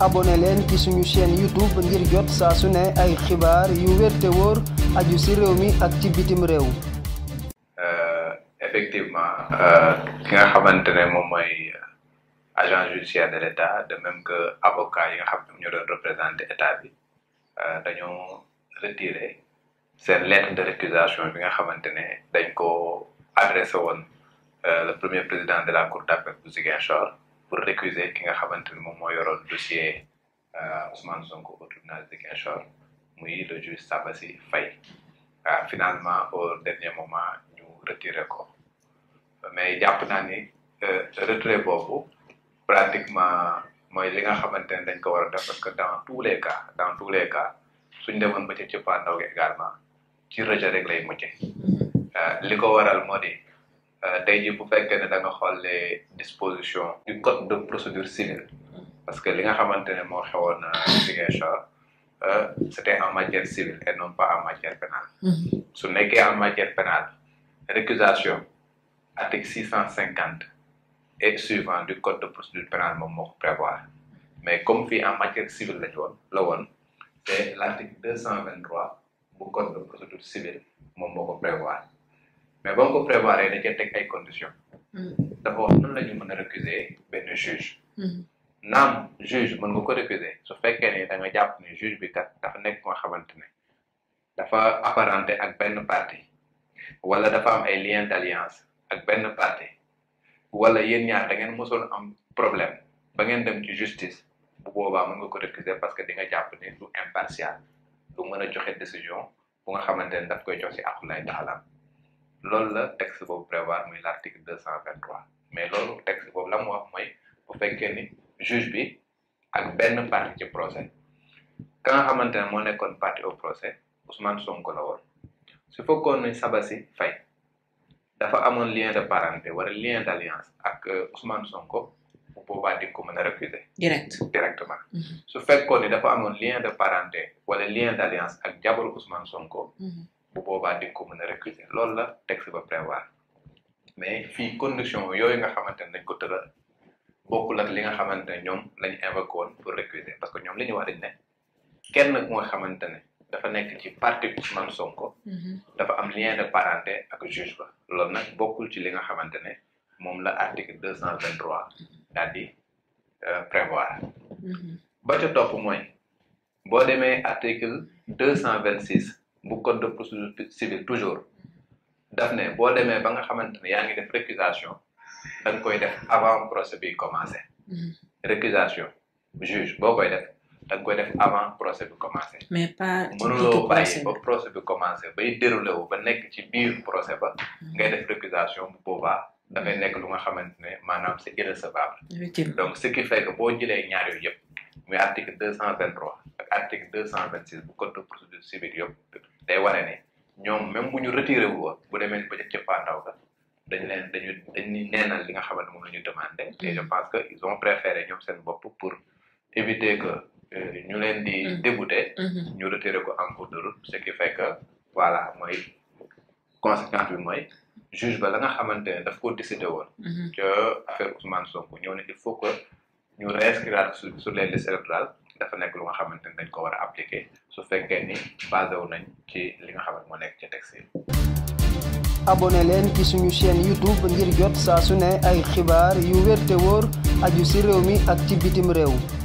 abonné leen ci suñu chaîne YouTube ngir jot saa su ay xibaar yu wér te aju si réew mi ak ci bitim réew. Euh, effectivement euh, ki nga xamante ne moom mooy euh, agent judiciaire de l' état de même que avocat yi nga xam ñoom ñoo doon état bi dañoo retiré seen lettre de récusation bi nga xamante ne dañ ko adressé woon le premier président de la cour d' appel bu Ziguinchor. pour récuser ki nga xamante ni moom moo yoroon dossier euh, Ousmane Sonko au tribunal de Ziguinchor muy le juge Sabassi Faye ah finalement au dernier moment ñu retiré ko mais jàpp naa ni euh, retrait boobu pratiquement mooy li nga xamante ne dañ ko war def parce que dans tous les cas dans tous les cas suñ demoon ba ca cëppaandaw gi également ci rejet rek lay mujjee li ko waral moo Euh, tey jii bu fekkee da nga xool les dispositions du code de procédure civile parce que li nga xamante ne moo xewoon euh, Ziguinchor euh, c'était en matière civile et non pas en matière pénale mm-hmm. su nekkee en matière pénale récusation article six cent cinquante et suivant du code de procédure pénale moom moo prévoir mais comme fii en matière civile lañu woon la woon c'est l'article deux cent vingt-trois bu code de procédure civile moom moo prévoir mais ba nga ko prévoir da cee teg ay condition dafa wax nan la mën a recuser benn juge. naam juge mën nga ko recuser su fekkee ne da nga jàpp ne juge bi dafa nekk nga xamante ne dafa apparenté ak benn parti wala dafa am ay lien d'alliance ak benn parti wala yen ñaar da ngeen mosoon am problème ba ngeen dem ci justice bu boobaa mën nga ko recuser parce que di nga jàpp ne du impartial du mën a joxe décision bu nga xamante ne daf koy jox si akulaay taxalaam. loolu la texte boobu prévoir muy l'article deux cent vingt trois mais loolu texte boobu la mu wax mooy bu fekkee ni juge bi ak benn partie ci procès ka nga xamante ne moo nekkoon partie au procès Ousmane Sonko la woon su fekkoon ni Sabassi dafa amoon lien de parenté wala lien d'alliance ak euh, Ousmane Sonko bu boobaa di ko mën directement. Mhm. su fekkoon ni dafa amoon lien de parenté wala lien d'alliance ak jabaru Ousmane Sonko. Mhm. bu boobaa di nga ko mën a récuser loolu la texte ba prévoir mais fii condition yooyu nga xamante ne dañ ko tëral bokkul ak li nga xamante ne ñoom lañ invoqué woon pour récuser parce que ñoom li ñu wax dañ ne kenn ku nga xamante ne dafa nekk ci parti Ousmane Sonko mhm. dafa am lien de parenté ak juge ba loolu nag bokkul ci li nga xamante ne moom la article deux cent vingt trois daal di euh, prévoir mhm. ba ca topp mooy boo demee article deux cent vingt six bu code de procédure civile toujours daf ne boo demee ba nga xamante ne yaa ngi def da nga koy def avant procès bi commencé mm-hmm. récusation juge boo koy def da koy def avant procès bi commencé mais pas mënuloo bàyyi ba procès bi commencé bay déroulé wu ba nekk ci biir procès ba mm-hmm. ngay def récusation bu boobaa dafay nekk lu nga xamante ne maanaam c'est irrecevable donc ce qui fait que boo jëlee ñaar yooyu yëpp muy article deux cent vingt trois ak article deux cent vingt six bu code de procédure civile day wane ñoom même bu ñu retiré wu woon bu demee ba ca cappaandaw ga dañ dañu dañu neenal li nga xamante moom la ñu demandé mm. et je pense que ils ont préféré ñoom seen bopp pour éviter que euh, ñu leen di mm. débouté mm-hmm. ñu retiré ko en cours de route ce qui fait que voilà mooy conséquence bi mooy juge ba la nga xamante ne daf ko décidé woon mm-hmm. que affaire Ousmane Sonko ñëw ne il faut que ñu réinscrire sur sur les listes dafa nekk lu nga xamante ni dañ ko war a appliquer su fekkee ni basé wu nañ ci li nga xamante moo nekk ci texte yi. abonné leen ci suñu chaîne YouTube ngir jot saa su ne ay xibaar yu wér te wóor aju si réew mi ak ci bitim réew.